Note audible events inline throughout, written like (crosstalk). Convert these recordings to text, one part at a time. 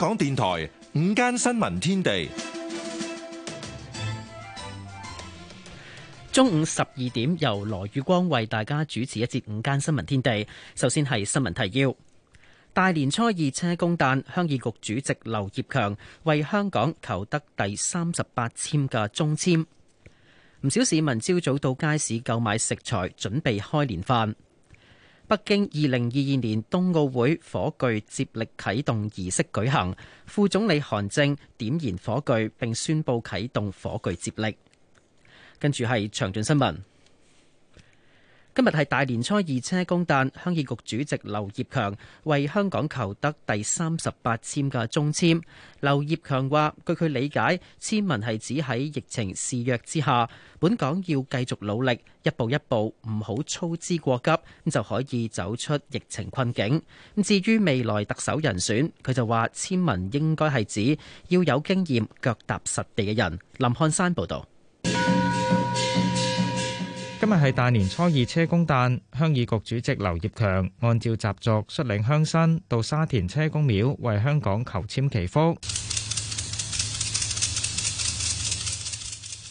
香港電台午間新聞天地，中午十二點由羅宇光為大家主持一節午間新聞天地。首先係新聞提要：大年初二車公誕，鄉議局主席劉業強為香港求得第三十八籤嘅中籤。唔少市民朝早到街市購買食材，準備開年飯。北京二零二二年冬奧會火炬接力啟動儀式舉行，副總理韓正點燃火炬，並宣布啟動火炬接力。跟住係詳盡新聞。今日係大年初二，車公誕，鄉議局主席劉業強為香港求得第三十八簽嘅中簽。劉業強話：據佢理解，簽文係指喺疫情肆虐之下，本港要繼續努力，一步一步，唔好操之過急，咁就可以走出疫情困境。至於未來特首人選，佢就話簽文應該係指要有經驗、腳踏實地嘅人。林漢山報導。今日係大年初二，車公誕，鄉議局主席劉業強按照習俗率領鄉紳到沙田車公廟為香港求籤祈福，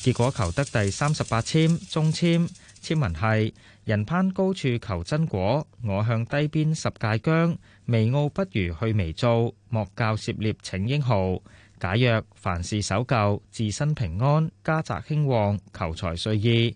結果求得第三十八簽中簽，簽文係：人攀高處求真果，我向低邊十界姜。微傲不如去微造，莫教涉獵逞英豪。解約凡事守舊，自身平安，家宅興旺，求財遂意。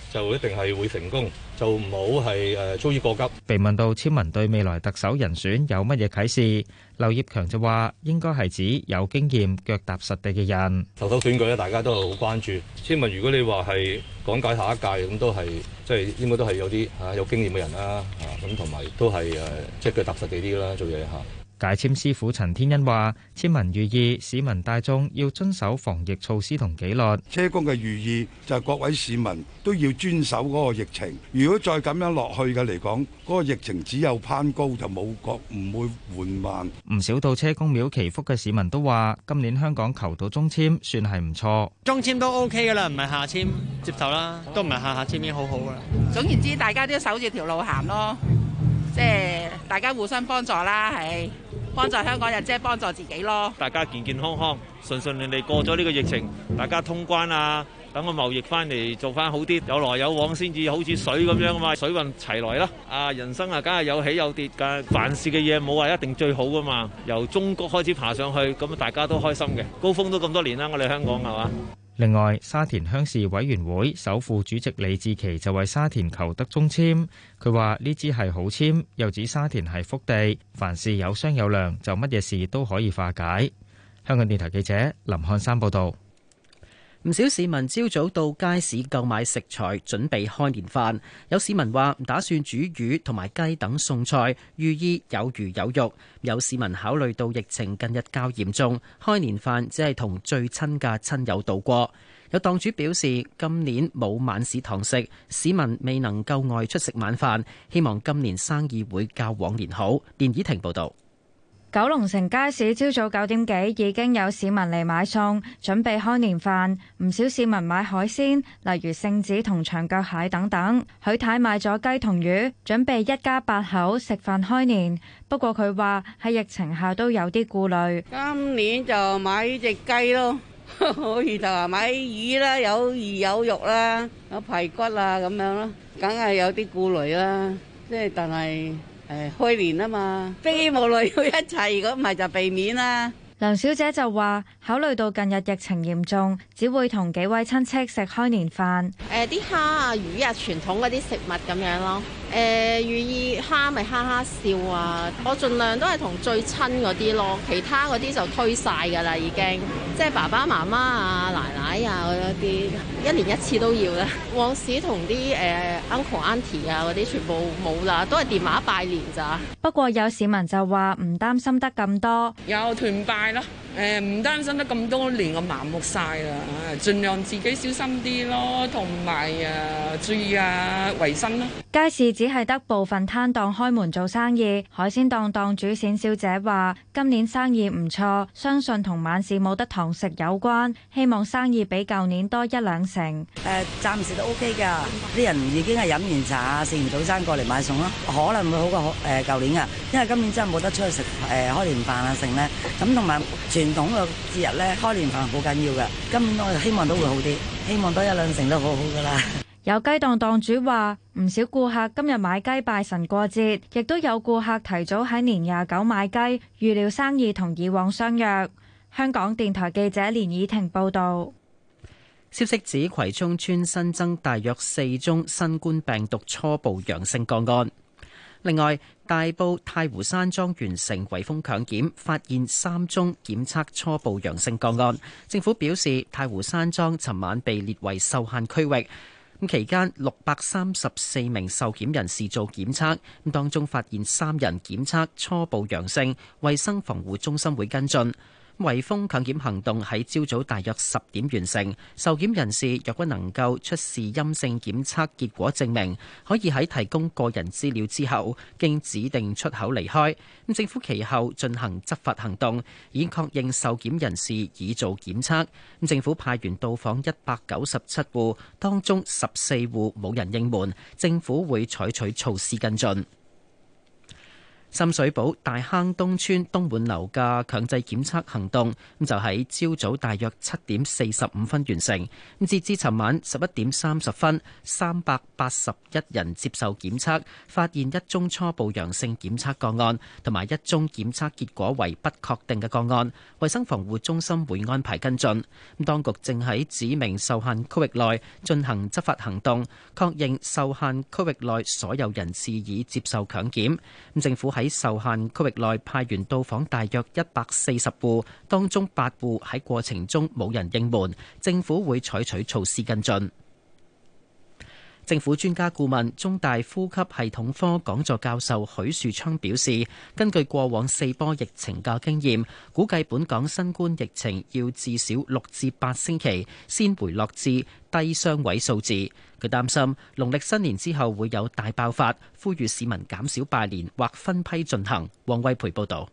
就一定係會成功，就唔好係誒，操之過急。被問到簽文對未來特首人選有乜嘢啟示，劉業強就話：應該係指有經驗、腳踏實地嘅人。特首選舉咧，大家都係好關注簽文。如果你話係講解下一屆咁，都係即係應該都係有啲嚇有經驗嘅人啦嚇，咁同埋都係誒，即係腳踏實地啲啦，做嘢嚇。解簽師傅陳天恩話：簽文寓意市民大眾要遵守防疫措施同紀律。車公嘅寓意就係各位市民都要遵守嗰個疫情。如果再咁樣落去嘅嚟講，嗰、嗰個疫情只有攀高就冇覺，唔會緩慢。唔少到車公廟祈福嘅市民都話：今年香港求到中簽算係唔錯。中簽都 OK。即係大家互相幫助啦，係幫助香港人，即係幫助自己咯。大家健健康康、順順利利過咗呢個疫情，大家通關啊，等個貿易翻嚟做翻好啲，有來有往先至好似水咁樣啊嘛，水運齊來啦。啊，人生啊，梗係有起有跌嘅，凡事嘅嘢冇話一定最好噶嘛。由中國開始爬上去，咁大家都開心嘅，高峰都咁多年啦，我哋香港係嘛？另外，沙田鄉事委員會首副主席李志奇就為沙田求得中籤，佢話呢支係好籤，又指沙田係福地，凡事有商有量就乜嘢事都可以化解。香港電台記者林漢山報道。唔少市民朝早到街市購買食材，準備開年飯。有市民話唔打算煮魚同埋雞等餸菜，寓意有魚有肉。有市民考慮到疫情近日較嚴重，開年飯只係同最親嘅親友度過。有檔主表示，今年冇晚市堂食，市民未能夠外出食晚飯，希望今年生意會較往年好。連綺婷報道。九龍城街市朝早九點幾已經有市民嚟買餸，準備開年飯。唔少市民買海鮮，例如聖子同長腳蟹等等。許太買咗雞同魚，準備一家八口食飯開年。不過佢話喺疫情下都有啲顧慮。今年就買隻雞咯，以前就話買魚啦，有魚有肉啦，有排骨啊，咁樣咯，梗係有啲顧慮啦。即係但係。誒，開、哎、年啊嘛，飛機冇來要一齊， (laughs) 如果唔係就避免啦。梁小姐就話，考慮到近日疫情嚴重，只會同幾位親戚食開年飯。誒、呃，啲蝦啊、魚啊，傳統嗰啲食物咁樣咯。誒、呃、寓意哈咪哈哈笑啊！我儘量都係同最親嗰啲咯，其他嗰啲就推晒㗎啦，已經。即係爸爸媽媽啊、奶奶啊嗰啲，一年一次都要啦。往時同啲誒、呃、uncle auntie 啊嗰啲，全部冇啦，都係電話拜年咋。不過有市民就話唔擔心得咁多，有團拜啦。誒，唔擔心得咁多年我麻木晒啦，誒盡量自己小心啲咯，同埋誒注意啊衞生啦。街市只係得部分攤檔開門做生意，海鮮檔檔主冼小姐話：今年生意唔錯，相信同晚市冇得堂食有關，希望生意比舊年多一兩成。誒、呃、暫時都 OK 㗎，啲人已經係飲完茶、食完早餐過嚟買餸咯，可能會好過誒舊年㗎，因為今年真係冇得出去食誒、呃、開年飯啊剩咧，咁同埋傳統嘅節日咧，開年飯好緊要噶。今年我哋希望都會好啲，希望多一兩成都好好噶啦。有雞檔檔主話，唔少顧客今日買雞拜神過節，亦都有顧客提早喺年廿九買雞，預料生意同以往相若。香港電台記者連以婷報道。消息指葵涌村新增大約四宗新冠病毒初步陽性個案。另外，大埔太湖山莊完成圍封強檢，發現三宗檢測初步陽性個案。政府表示，太湖山莊尋晚被列為受限區域。咁期間，六百三十四名受檢人士做檢測，咁當中發現三人檢測初步陽性，衛生防護中心會跟進。圍封強檢行動喺朝早大約十點完成，受檢人士若果能夠出示陰性檢測結果證明，可以喺提供個人資料之後，經指定出口離開。咁政府其後進行執法行動，以確認受檢人士已做檢測。咁政府派員到訪一百九十七戶，當中十四戶冇人應門，政府會採取措施跟進。深水埗大坑東邨東滿樓嘅強制檢測行動咁就喺朝早大約七點四十五分完成。咁截至尋晚十一點三十分，三百八十一人接受檢測，發現一宗初步陽性檢測個案，同埋一宗檢測結果為不確定嘅個案。衞生防護中心會安排跟進。咁當局正喺指明受限區域內進行執法行動，確認受限區域內所有人士已接受強檢。咁政府喺喺受限區域內派員到訪大約一百四十戶，當中八戶喺過程中冇人應門，政府會採取措施跟進。政府專家顧問、中大呼吸系統科講座教授許樹昌表示，根據過往四波疫情嘅經驗，估計本港新冠疫情要至少六至八星期先回落至低雙位數字。佢擔心農曆新年之後會有大爆發，呼籲市民減少拜年或分批進行。王惠培報導。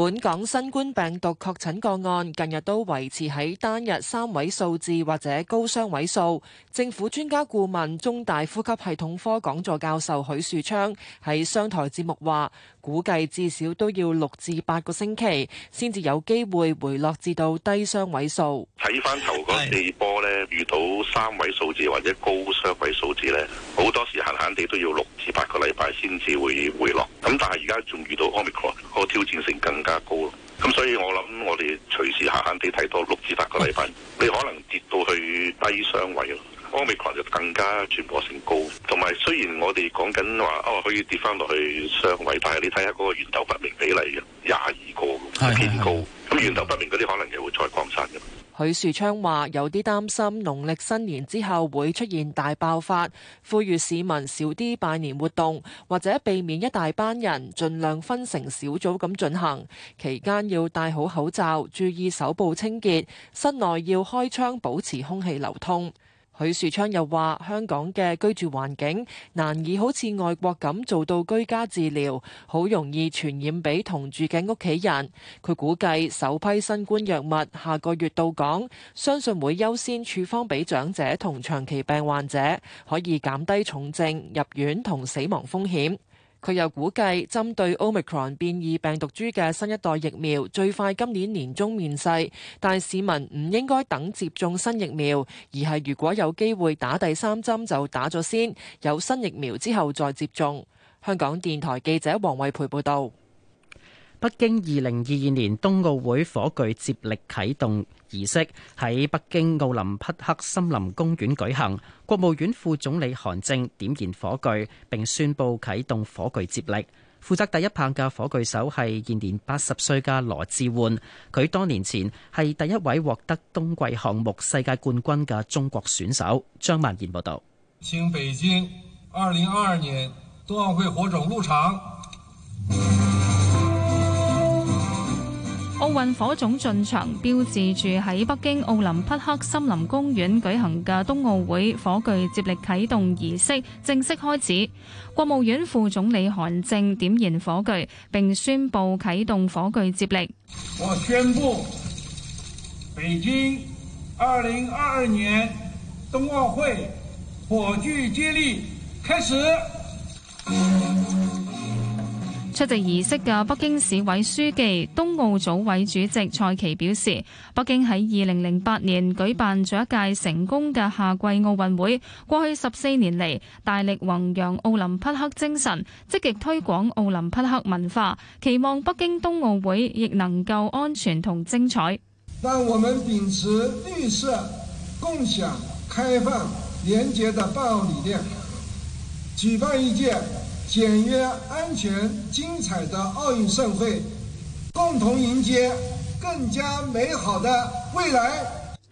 本港新冠病毒確診個案近日都維持喺單日三位數字或者高雙位數。政府專家顧問、中大呼吸系統科講座教授許樹昌喺商台節目話：，估計至少都要六至八個星期，先至有機會回落至到低雙位數。睇翻頭嗰四波咧，的遇到三位數字或者高雙位數字咧，好多時閒閒哋都要六至八個禮拜先至會回落。咁但係而家仲遇到 Omicron，個挑戰性更加。加高，咁所以我諗我哋隨時閒閒地睇到六至八個禮拜，你可能跌到去低雙位咯。Omicron 就更加傳播性高，同埋雖然我哋講緊話，哦可以跌翻落去雙位，但係你睇下嗰個源頭不明比例嘅廿二個偏高，咁源頭不明嗰啲可能又會再擴散嘅。許樹昌話：有啲擔心農曆新年之後會出現大爆發，呼籲市民少啲拜年活動，或者避免一大班人，盡量分成小組咁進行。期間要戴好口罩，注意手部清潔，室內要開窗保持空氣流通。許樹昌又話：香港嘅居住環境難以好似外國咁做到居家治療，好容易傳染俾同住嘅屋企人。佢估計首批新冠藥物下個月到港，相信會優先處方俾長者同長期病患者，可以減低重症、入院同死亡風險。佢又估計，針對 Omicron 變異病毒株嘅新一代疫苗，最快今年年中面世，但市民唔應該等接種新疫苗，而係如果有機會打第三針就打咗先，有新疫苗之後再接種。香港電台記者黃慧培報道。北京二零二二年冬奧會火炬接力啟動儀式喺北京奧林匹克森林公園舉行，國務院副總理韓正點燃火炬並宣布啟動火炬接力。負責第一棒嘅火炬手係現年八十歲嘅羅致煥，佢多年前係第一位獲得冬季項目世界冠軍嘅中國選手。張曼燕報道。請北京二零二二年冬奧會火種入場。奧運火種進場，標誌住喺北京奧林匹克森林公園舉行嘅冬奧會火炬接力啟動儀式正式開始。國務院副總理韓正點燃火炬，並宣布啟動火炬接力。我宣布，北京二零二二年冬奧會火炬接力開始。出席儀式嘅北京市委書記、冬奧組委主席蔡奇表示，北京喺二零零八年舉辦咗一屆成功嘅夏季奧運會，過去十四年嚟大力弘揚奧林匹克精神，積極推廣奧林匹克文化，期望北京冬奧會亦能夠安全同精彩。讓我們秉持綠色、共享、開放、廉潔嘅辦奧理念，舉辦一屆，簡約、安全、精彩的奧運盛會，共同迎接更加美好的未來。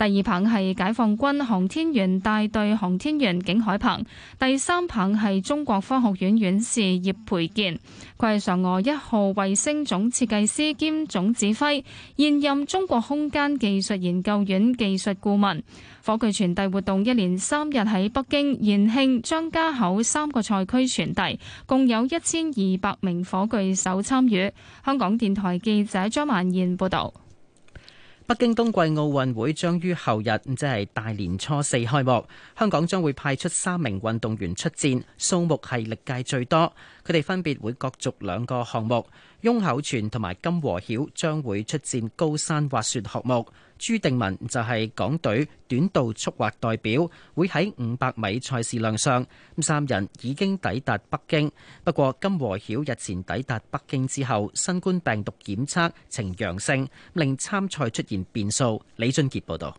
第二棒係解放軍航天員大隊航天員景海鵬，第三棒係中國科學院院士葉培建，佢係嫦娥一號衛星總設計師兼總指揮，現任中國空間技術研究院技術顧問。火炬傳遞活動一連三日喺北京、延慶、張家口三個賽區傳遞，共有一千二百名火炬手參與。香港電台記者張萬燕報導。北京冬季奧運會將於後日，即係大年初四開幕。香港將會派出三名運動員出戰，數目係歷屆最多。佢哋分別會角逐兩個項目。翁厚全同埋金和曉將會出戰高山滑雪項目，朱定文就係港隊短道速滑代表，會喺五百米賽事亮相。三人已經抵達北京，不過金和曉日前抵達北京之後，新冠病毒檢測呈陽性，令參賽出現變數。李俊杰報道。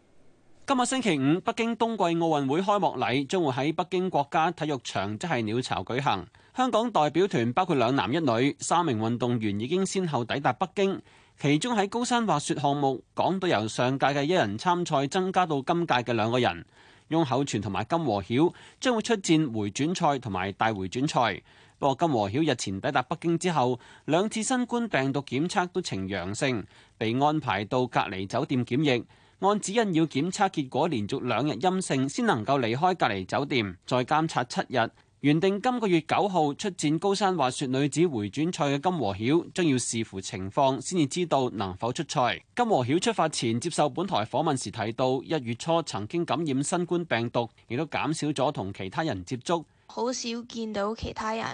今日星期五，北京冬季奧運會開幕禮將會喺北京國家體育場，即係鳥巢舉行。香港代表團包括兩男一女三名運動員已經先後抵達北京，其中喺高山滑雪項目，港隊由上屆嘅一人參賽增加到今屆嘅兩個人。翁厚全同埋金和曉將會出戰回轉賽同埋大回轉賽。不過金和曉日前抵達北京之後，兩次新冠病毒檢測都呈陽性，被安排到隔離酒店檢疫，按指引要檢測結果連續兩日陰性先能夠離開隔離酒店，再監察七日。原定今個月九號出戰高山滑雪女子回轉賽嘅金和曉，將要視乎情況先至知道能否出賽。金和曉出發前接受本台訪問時提到，一月初曾經感染新冠病毒，亦都減少咗同其他人接觸，好少見到其他人。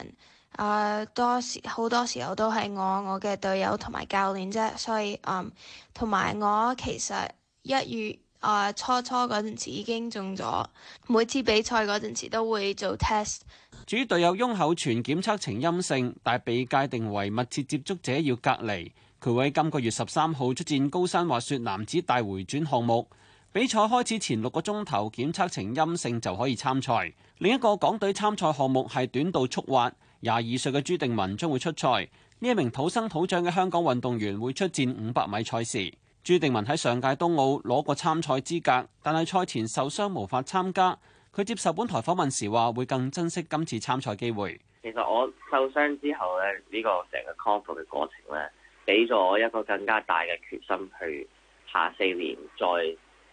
啊、呃，多時好多時候都係我、我嘅隊友同埋教練啫，所以嗯，呃、同埋我其實一月。啊，初初嗰陣時已經中咗，每次比賽嗰陣時都會做 test。至於隊友翁厚全檢測呈陰性，但被界定為密切接觸者要隔離。佢會今個月十三號出戰高山滑雪男子大回轉項目。比賽開始前六個鐘頭檢測呈陰性就可以參賽。另一個港隊參賽項目係短道速滑，廿二歲嘅朱定文將會出賽。呢一名土生土長嘅香港運動員會出戰五百米賽事。朱定文喺上屆冬奧攞過參賽資格，但係賽前受傷無法參加。佢接受本台訪問時話：會更珍惜今次參賽機會。其實我受傷之後咧，呢個成個康復嘅過程咧，俾咗我一個更加大嘅決心去下四年再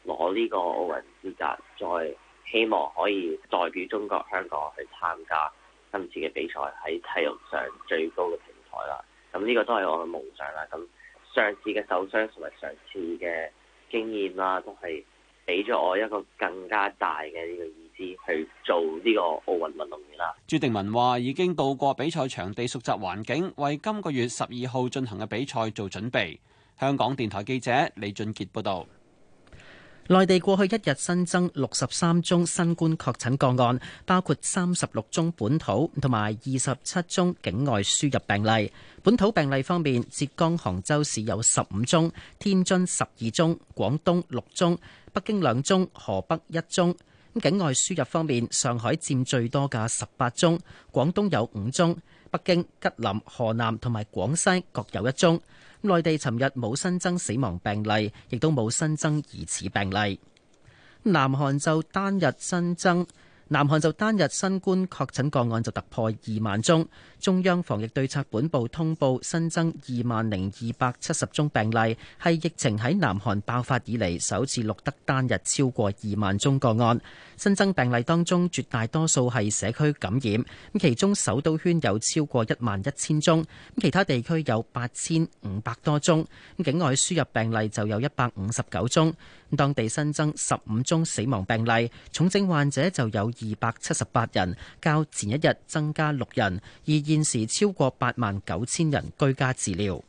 攞呢個奧運資格，再希望可以代表中國香港去參加今次嘅比賽，喺體育上最高嘅平台啦。咁呢個都係我嘅夢想啦。咁上次嘅受傷同埋上次嘅經驗啦，都係俾咗我一個更加大嘅呢個意志去做呢個奧運運動員啦。朱定文話：已經到過比賽場地熟習環境，為今個月十二號進行嘅比賽做準備。香港電台記者李俊傑報道。內地過去一日新增六十三宗新冠確診個案，包括三十六宗本土同埋二十七宗境外輸入病例。本土病例方面，浙江杭州市有十五宗，天津十二宗，廣東六宗，北京兩宗，河北一宗。境外輸入方面，上海佔最多嘅十八宗，廣東有五宗，北京、吉林、河南同埋廣西各有一宗。內地尋日冇新增死亡病例，亦都冇新增疑似病例。南韓就單日新增，南韓就單日新冠確診個案就突破二萬宗。中央防疫對策本部通報新增二萬零二百七十宗病例，係疫情喺南韓爆發以嚟首次錄得單日超過二萬宗個案。新增病例當中絕大多數係社區感染，咁其中首都圈有超過一萬一千宗，咁其他地區有八千五百多宗，咁境外輸入病例就有一百五十九宗，咁當地新增十五宗死亡病例，重症患者就有二百七十八人，較前一日增加六人，而現時超過八萬九千人居家治療。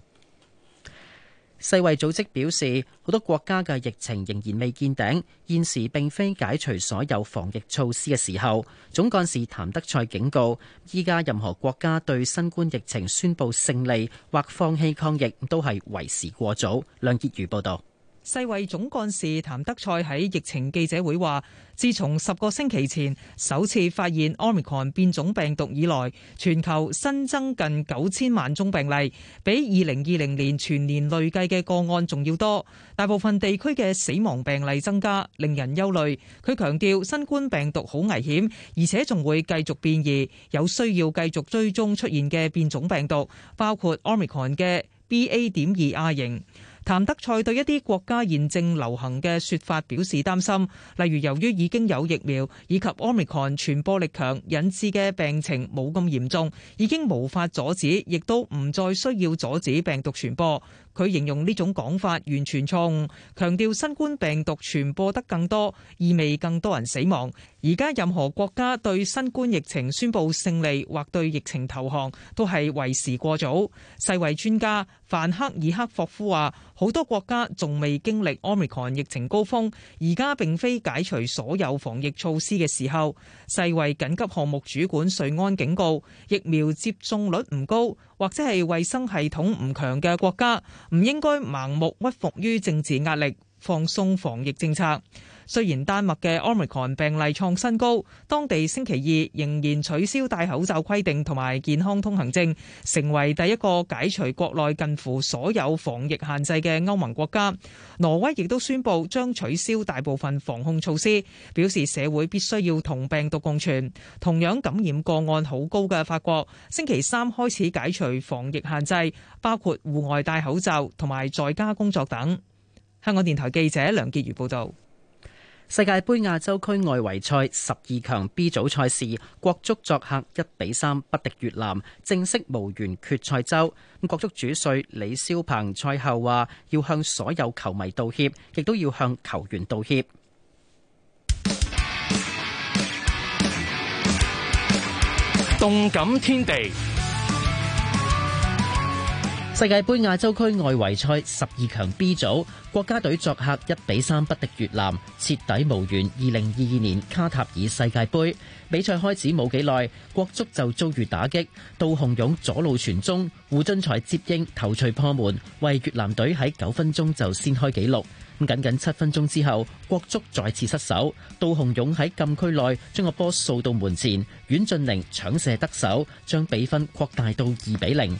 世衛組織表示，好多國家嘅疫情仍然未見頂，現時並非解除所有防疫措施嘅時候。總幹事譚德賽警告，依家任何國家對新冠疫情宣布勝利或放棄抗疫都係為時過早。梁潔如報道。世衛總幹事譚德賽喺疫情記者會話：自從十個星期前首次發現 omicron 變種病毒以來，全球新增近九千萬宗病例，比二零二零年全年累計嘅個案仲要多。大部分地區嘅死亡病例增加，令人憂慮。佢強調，新冠病毒好危險，而且仲會繼續變異，有需要繼續追蹤出現嘅變種病毒，包括 omicron 嘅 BA. 點二亞型。譚德賽對一啲國家現正流行嘅說法表示擔心，例如由於已經有疫苗，以及 Omicron 傳播力強，引致嘅病情冇咁嚴重，已經無法阻止，亦都唔再需要阻止病毒傳播。佢形容呢種講法完全錯誤，強調新冠病毒傳播得更多，意味更多人死亡。而家任何國家對新冠疫情宣布勝利或對疫情投降都係為時過早。世衛專家范克爾克霍夫話：好多國家仲未經歷 Omicron 疫情高峰，而家並非解除所有防疫措施嘅時候。世衛緊急項目主管瑞安警告：疫苗接種率唔高。或者係衛生系統唔強嘅國家，唔應該盲目屈服於政治壓力，放鬆防疫政策。雖然丹麥嘅 Omicron 病例創新高，當地星期二仍然取消戴口罩規定同埋健康通行證，成為第一個解除國內近乎所有防疫限制嘅歐盟國家。挪威亦都宣布將取消大部分防控措施，表示社會必須要同病毒共存。同樣感染個案好高嘅法國，星期三開始解除防疫限制，包括戶外戴口罩同埋在家工作等。香港電台記者梁潔如報道：世界盃亞洲區外圍賽十二強 B 組賽事，國足作客一比三不敵越南，正式無緣決賽周。國足主帥李霄鵬賽後話，要向所有球迷道歉，亦都要向球員道歉。動感天地。世界杯亞洲區外圍賽十二強 B 組，國家隊作客一比三不敵越南，徹底無緣二零二二年卡塔爾世界杯。比賽開始冇幾耐，國足就遭遇打擊。杜洪勇左路傳中，胡俊才接應頭槌破門，為越南隊喺九分鐘就先開紀錄。咁僅僅七分鐘之後，國足再次失手。杜洪勇喺禁區內將個波掃到門前，阮俊寧搶射得手，將比分擴大到二比零。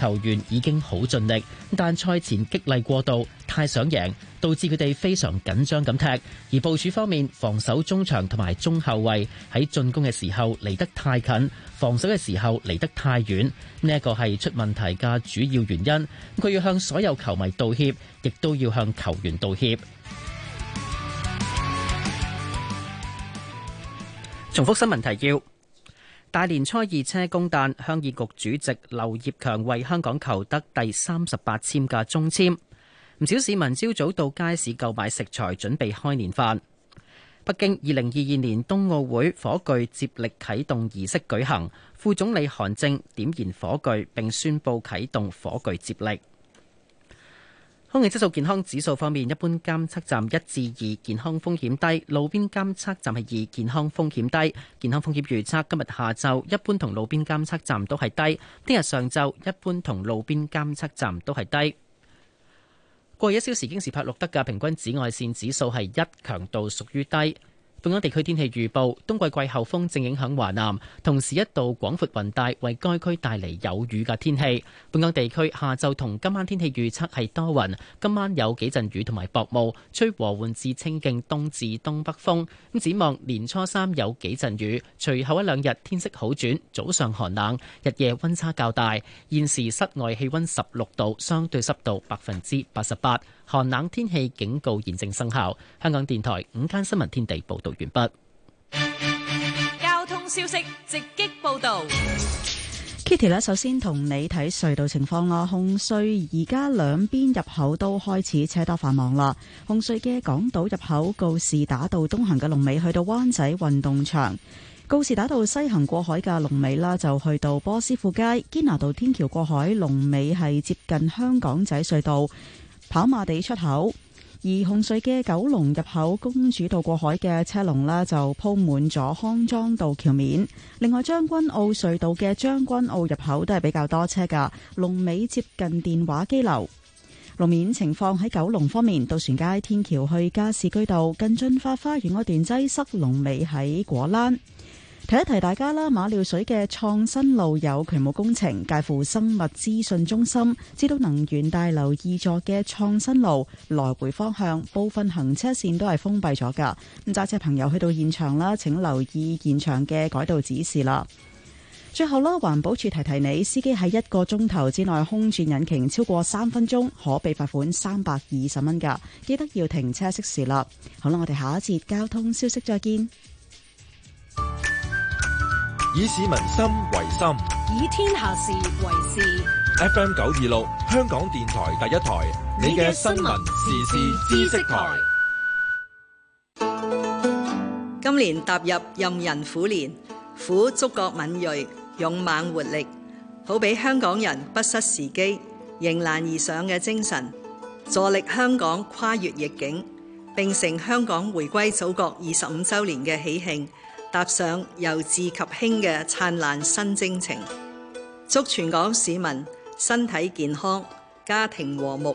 球員已經好盡力，但賽前激勵過度，太想贏，導致佢哋非常緊張咁踢。而部署方面，防守中場同埋中後衛喺進攻嘅時候離得太近，防守嘅時候離得太遠，呢一個係出問題嘅主要原因。佢要向所有球迷道歉，亦都要向球員道歉。重複新聞提要。大年初二車公誕，鄉議局主席劉業強為香港求得第三十八簽嘅中簽。唔少市民朝早到街市購買食材，準備開年飯。北京二零二二年冬奧會火炬接力啟動儀式舉行，副總理韓正點燃火炬並宣佈啟動火炬接力。空氣質素健康指數方面，一般監測站一至二，健康風險低；路邊監測站係二，健康風險低。健康風險預測今日下晝一般同路邊監測站都係低，聽日上晝一般同路邊監測站都係低。過去一小時，京士柏錄得嘅平均紫外線指數係一，強度屬於低。本港地區天氣預報：冬季季候風正影響華南，同時一道廣闊雲帶為該區帶嚟有雨嘅天氣。本港地區下晝同今晚天氣預測係多雲，今晚有幾陣雨同埋薄霧，吹和緩至清勁東至東北風。咁展望年初三有幾陣雨，隨後一兩日天色好轉，早上寒冷，日夜溫差較大。現時室外氣溫十六度，相對濕度百分之八十八。寒冷天氣警告現正生效。香港電台午間新聞天地報道完畢。交通消息直擊報導。Kitty 咧，首先同你睇隧道情況咯。紅隧而家兩邊入口都開始車多繁忙啦。紅隧嘅港島入口告士打道東行嘅龍尾去到灣仔運動場，告士打道西行過海嘅龍尾啦，就去到波斯富街，堅拿道天橋過海龍尾係接近香港仔隧道。跑馬地出口，而紅隧嘅九龍入口、公主道過海嘅車龍咧就鋪滿咗康莊道橋面。另外將軍澳隧道嘅將軍澳入口都係比較多車噶，龍尾接近電話機樓。路面情況喺九龍方面，渡船街天橋去加士居道近駿發花園嗰段擠塞，龍尾喺果欄。提一提大家啦，馬料水嘅創新路有渠務工程，介乎生物資訊中心至到能源大樓二座嘅創新路來回方向部分行車線都係封閉咗噶。咁揸車朋友去到現場啦，請留意現場嘅改道指示啦。最後啦，環保署提提你，司機喺一個鐘頭之內空轉引擎超過三分鐘，可被罰款三百二十蚊噶。記得要停車熄匙啦。好啦，我哋下一節交通消息再見。以市民心為心，以天下事為事。FM 九二六，香港電台第一台，你嘅新聞、時事時、知識台。今年踏入任人虎年，虎觸覺敏銳、勇猛活力，好比香港人不失時機迎難而上嘅精神，助力香港跨越逆境，並成香港回歸祖國二十五周年嘅喜慶。踏上由治及興嘅燦爛新征程，祝全港市民身體健康，家庭和睦，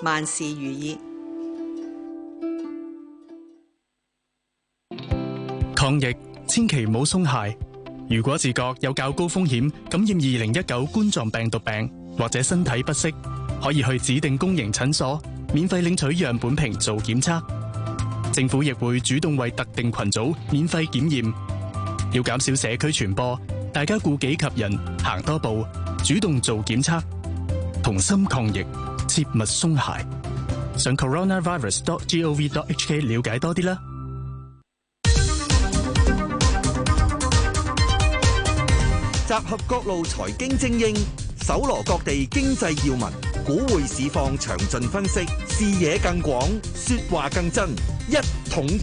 萬事如意。抗疫千祈唔好鬆懈，如果自覺有較高風險感染二零一九冠狀病毒病，或者身體不適，可以去指定公營診所免費領取樣本瓶做檢測。政府亦會主動為特定群組免費檢驗，要減少社區傳播，大家顧己及人，行多步，主動做檢測，同心抗疫，切勿鬆懈。上 coronavirus.gov.hk 了解多啲啦。集合各路財經精英，搜羅各地經濟要聞，股匯市況詳盡分析，視野更廣，說話更真。一桶金，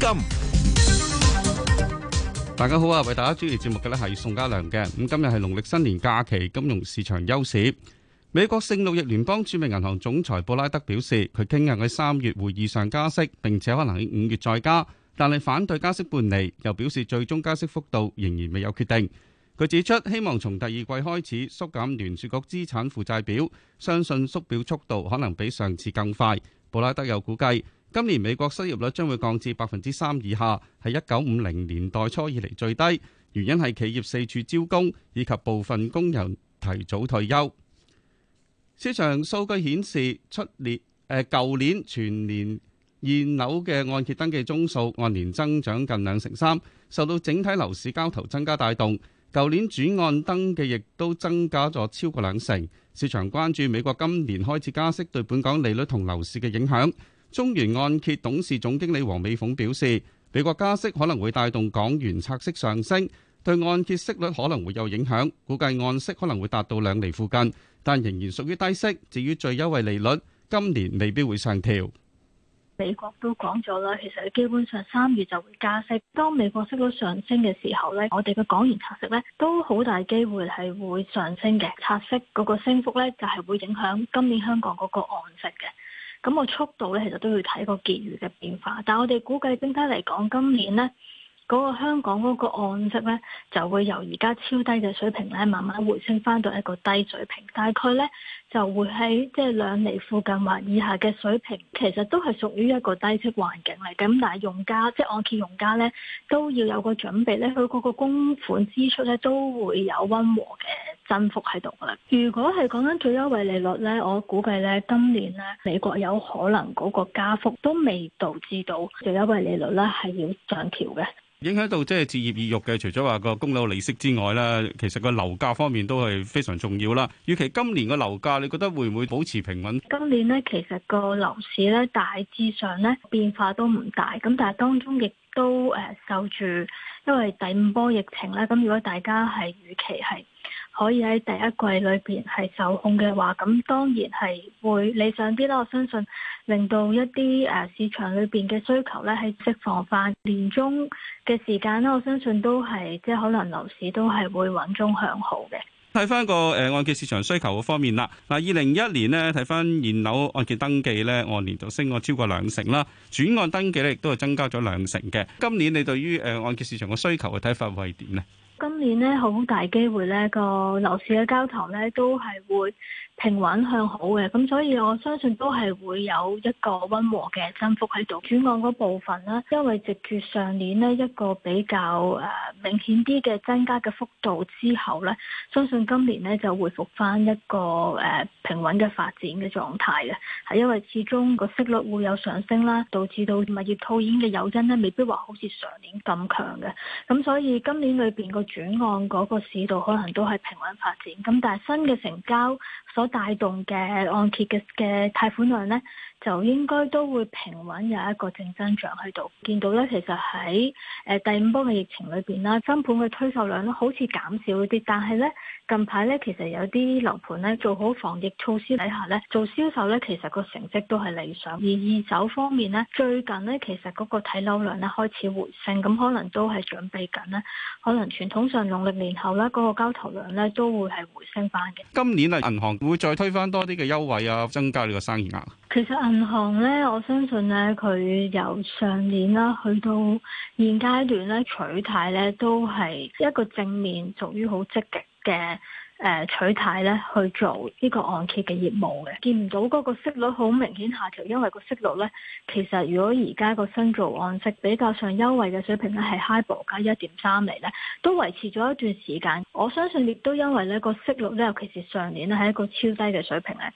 大家好啊！為大家主持節目嘅呢係宋家良嘅。咁今日係農曆新年假期，金融市場休市。美國聖路易聯邦著名銀行總裁布拉德表示，佢傾向喺三月會議上加息，並且可能喺五月再加，但係反對加息半厘，又表示最終加息幅度仍然未有決定。佢指出，希望從第二季開始縮減聯儲局資產負債表，相信縮表速度可能比上次更快。布拉德又估計。今年美國失業率將會降至百分之三以下，係一九五零年代初以嚟最低。原因係企業四處招工，以及部分工人提早退休。市場數據顯示，出年誒舊年全年現樓嘅按揭登記宗數按年增長近兩成三，受到整體樓市交投增加帶動。舊年轉按登記亦都增加咗超過兩成。市場關注美國今年開始加息對本港利率同樓市嘅影響。中原按揭董事總經理王美鳳表示，美國加息可能會帶動港元拆息上升，對按揭息率可能會有影響，估計按息可能會達到兩厘附近，但仍然屬於低息。至於最優惠利率，今年未必會上調。美國都講咗啦，其實基本上三月就會加息。當美國息率上升嘅時候咧，我哋嘅港元拆息咧都好大機會係會上升嘅，拆息嗰個升幅咧就係會影響今年香港嗰個按息嘅。咁個速度咧，其實都要睇個結餘嘅變化，但係我哋估計整體嚟講，今年咧。嗰個香港嗰個按息咧，就會由而家超低嘅水平咧，慢慢回升翻到一個低水平。大概咧就會喺即係兩厘附近或以下嘅水平，其實都係屬於一個低息環境嚟嘅。咁但係用家即係按揭用家咧，都要有個準備咧。佢嗰個供款支出咧，都會有溫和嘅增幅喺度嘅。如果係講緊最優惠利率咧，我估計咧今年咧美國有可能嗰個加幅都未導致到最優惠利率咧係要上調嘅。影響到即係置業意欲嘅，除咗話個供樓利息之外啦，其實個樓價方面都係非常重要啦。預期今年個樓價你覺得會唔會保持平穩？今年呢，其實個樓市呢，大致上呢變化都唔大，咁但係當中亦都誒受住因為第五波疫情咧，咁如果大家係預期係。可以喺第一季裏邊係受控嘅話，咁當然係會理想啲啦。我相信令到一啲誒市場裏邊嘅需求咧，喺釋放翻年終嘅時間咧，我相信都係即係可能樓市都係會穩中向好嘅。睇翻個誒按揭市場需求嘅方面啦，嗱，二零二一年咧，睇翻現樓按揭登記咧，按年度升咗超過兩成啦，轉按登記咧亦都係增加咗兩成嘅。今年你對於誒按揭市場嘅需求嘅睇法會係點咧？今年呢，好大機會呢個樓市嘅交投呢都係會平穩向好嘅，咁所以我相信都係會有一個溫和嘅增幅喺度。轉按嗰部分呢，因為直缺上年呢一個比較誒、呃、明顯啲嘅增加嘅幅度之後呢，相信今年呢就回復翻一個誒、呃、平穩嘅發展嘅狀態嘅，係因為始終個息率會有上升啦，導致到物業套現嘅誘因呢未必話好似上年咁強嘅，咁所以今年裏邊個轉按嗰個市道可能都係平穩發展，咁但係新嘅成交所帶動嘅按揭嘅嘅貸款量咧，就應該都會平穩有一個正增長喺度。見到咧，其實喺誒、呃、第五波嘅疫情裏邊啦，新盤嘅推售量咧好似減少咗啲，但係咧近排咧其實有啲樓盤咧做好防疫措施底下咧做銷售咧，其實個成績都係理想。而二手方面咧，最近咧其實嗰個睇樓量咧開始回升，咁可能都係準備緊咧，可能傳統上農曆年後咧嗰、那個交投量咧都會係回升返嘅。今年啊，銀行會再推返多啲嘅優惠啊，增加呢個生意額。其實銀行咧，我相信咧，佢由上年啦，去到現階段咧，取態咧都係一個正面，屬於好積極嘅誒、呃、取態咧去做呢個按揭嘅業務嘅。見唔到嗰個息率好明顯下調，因為個息率咧，其實如果而家個新造按息比較上優惠嘅水平咧，係 HIBOR 加一點三厘咧，都維持咗一段時間。我相信亦都因為咧、嗰個息率咧，尤其是上年咧，係一個超低嘅水平咧。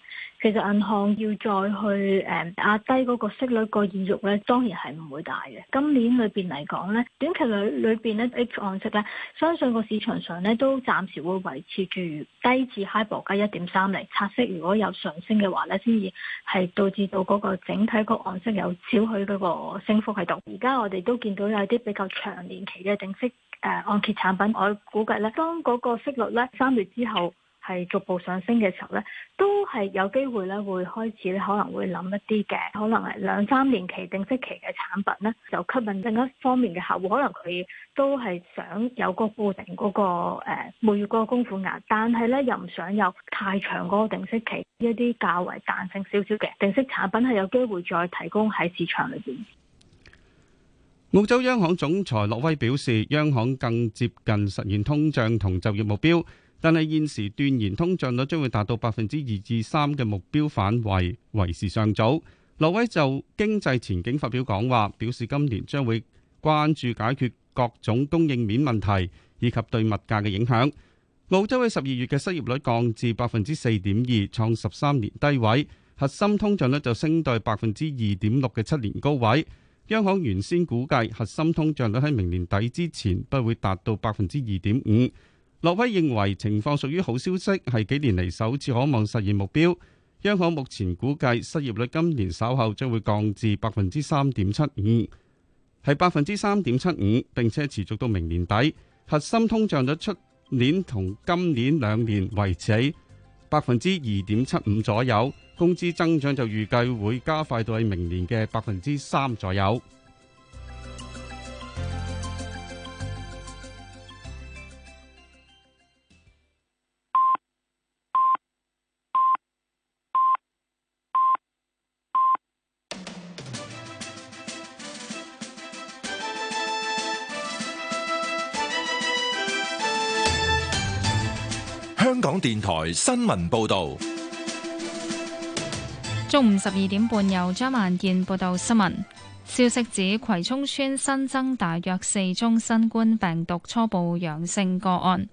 其實銀行要再去誒壓、嗯、低嗰個息率、個意欲咧，當然係唔會大嘅。今年裏邊嚟講咧，短期裏裏邊咧，H 按息咧，相信個市場上咧都暫時會維持住低至 HIBOR 加一點三釐拆息。如果有上升嘅話咧，先至係導致到嗰個整體個按息有少許嗰個升幅喺度。而家我哋都見到有啲比較長年期嘅定息誒按揭產品，我估計咧，當嗰個息率咧三月之後。係逐步上升嘅時候咧，都係有機會咧，會開始咧，可能會諗一啲嘅，可能係兩三年期定息期嘅產品咧，就吸引另一方面嘅客戶，可能佢都係想有個固定嗰個誒每月嗰個供款額，但係咧又唔想有太長嗰個定息期，一啲較為彈性少少嘅定息產品係有機會再提供喺市場裏邊。澳洲央行總裁洛威表示，央行更接近實現通脹同就業目標。但係現時斷言通脹率將會達到百分之二至三嘅目標範圍為時尚早。羅威就經濟前景發表講話，表示今年將會關注解決各種供應鏈問題，以及對物價嘅影響，澳洲喺十二月嘅失業率降至百分之四點二，創十三年低位；核心通脹率就升到百分之二點六嘅七年高位。央行原先估計核心通脹率喺明年底之前不會達到百分之二點五。諾威認為情況屬於好消息，係幾年嚟首次可望實現目標。央行目前估計失業率今年稍後將會降至百分之三點七五，係百分之三點七五，並且持續到明年底。核心通脹率出年同今年兩年維持喺百分之二點七五左右，工資增長就預計會加快到喺明年嘅百分之三左右。台新聞報導，中午十二點半由張萬健報道新聞。消息指葵涌村新增大約四宗新冠病毒初步陽性個案。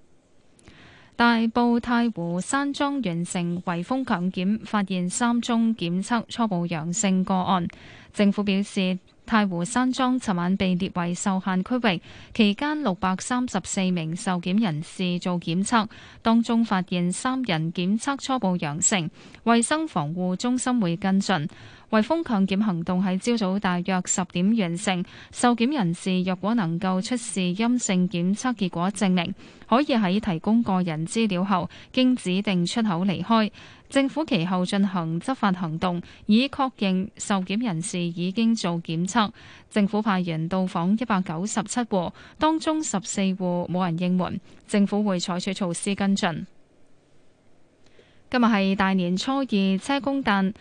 大埔太湖山莊完成圍封強檢，發現三宗檢測初步陽性個案。政府表示，太湖山莊尋晚被列為受限區域，期間六百三十四名受檢人士做檢測，當中發現三人檢測初步陽性，衛生防護中心會跟進。圍封強檢行動喺朝早大約十點完成，受檢人士若果能夠出示陰性檢測結果證明，可以喺提供個人資料後，經指定出口離開。政府其後進行執法行動，已確認受檢人士已經做檢測。政府派人到訪一百九十七戶，當中十四戶冇人應門，政府會採取措施跟進。今日係大年初二，車公誕，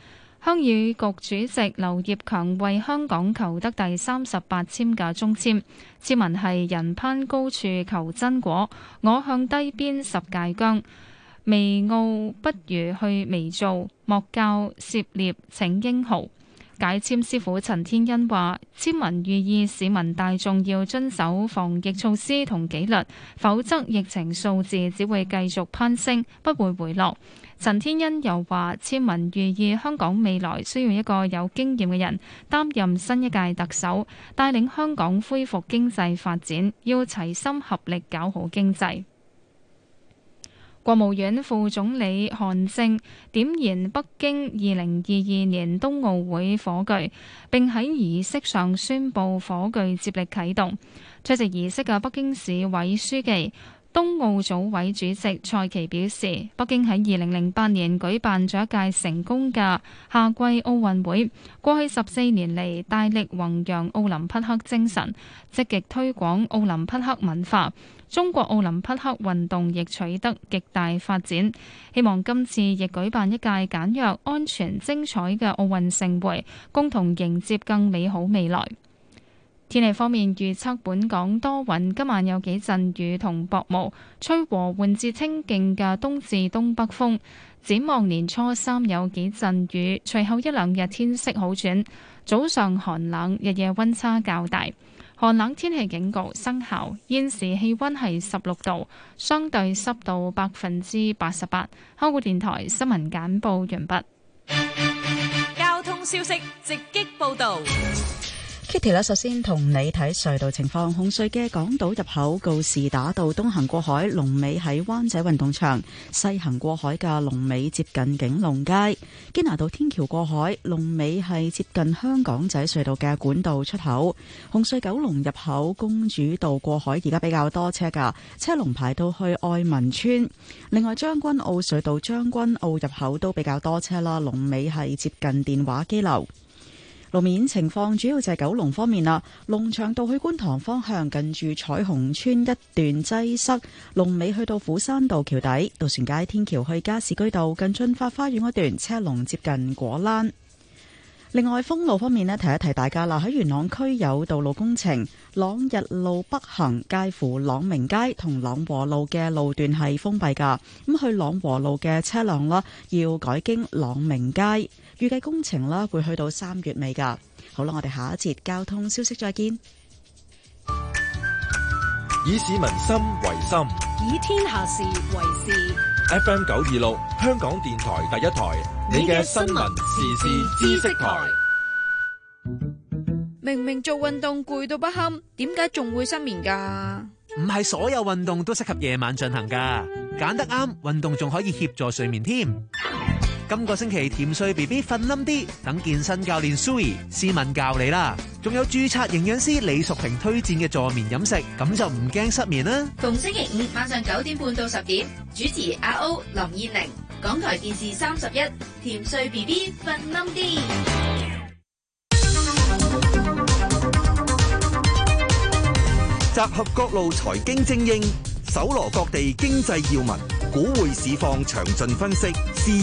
鄉議局主席劉業強為香港求得第三十八簽嘅中簽。簽文係：人攀高處求真果，我向低邊十戒疆。微奧不如去微做。莫教涉獵逞英豪。解簽師傅陳天恩話，簽文寓意市民大眾要遵守防疫措施同紀律，否則疫情數字只會繼續攀升，不會回落。陳天恩又話簽文寓意香港未來需要一個有經驗嘅人擔任新一屆特首，帶領香港恢復經濟發展，要齊心合力搞好經濟。國務院副總理韓正點燃北京二零二二年冬奧會火炬，並喺儀式上宣布火炬接力啟動。出席儀式嘅北京市委書記、冬奧組委主席蔡奇表示，北京喺二零零八年舉辦咗一屆成功嘅夏季奧運會，過去十四年嚟大力弘揚奧林匹克精神，積極推廣奧林匹克文化。中國奧林匹克運動亦取得極大發展，希望今次亦舉辦一屆簡約、安全、精彩嘅奧運盛會，共同迎接更美好未來。天氣方面，預測本港多雲，今晚有幾陣雨同薄霧，吹和緩至清勁嘅東至東北風。展望年初三有幾陣雨，隨後一兩日天色好轉，早上寒冷，日夜溫差較大。寒冷天氣警告生效，現時氣温係十六度，相對濕度百分之八十八。香港電台新聞簡報完畢。交通消息直擊報導。Kitty 啦，Katie, 首先同你睇隧道情況。紅隧嘅港島入口告士打道東行過海，龍尾喺灣仔運動場；西行過海嘅龍尾接近景隆街。堅拿道天橋過海，龍尾係接近香港仔隧道嘅管道出口。紅隧九龍入口公主道過海，而家比較多車噶，車龍排到去愛民村。另外將軍澳隧道將軍澳入口都比較多車啦，龍尾係接近電話機樓。路面情況主要就係九龍方面啦，龍翔道去觀塘方向近住彩虹邨一段擠塞，龍尾去到斧山道橋底，渡船街天橋去加士居道近進發花園嗰段車龍接近果欄。另外，封路方面呢，提一提大家啦。喺元朗區有道路工程，朗日路北行介乎朗明街同朗和路嘅路段係封閉噶。咁去朗和路嘅車輛啦，要改經朗明街。預計工程啦會去到三月尾噶。好啦，我哋下一節交通消息再見。以市民心為心，以天下事為事。FM 九二六，香港電台第一台。你嘅新聞時事知識台，明明做運動攰到不堪，點解仲會失眠噶？唔係所有運動都適合夜晚進行噶揀得啱運動仲可以協助睡眠添。今個星期甜睡 B B 瞓冧啲，等健身教練 Sui 斯文教你啦。仲有注冊營養師李淑萍推薦嘅助眠飲食，咁就唔驚失眠啦。逢星期五晚上九點半到十點，主持阿歐林燕玲。港台電視三十一，甜睡 B B 瞓冧啲。集合各路財經精英，搜羅各地經濟要聞，股匯市況詳盡分析。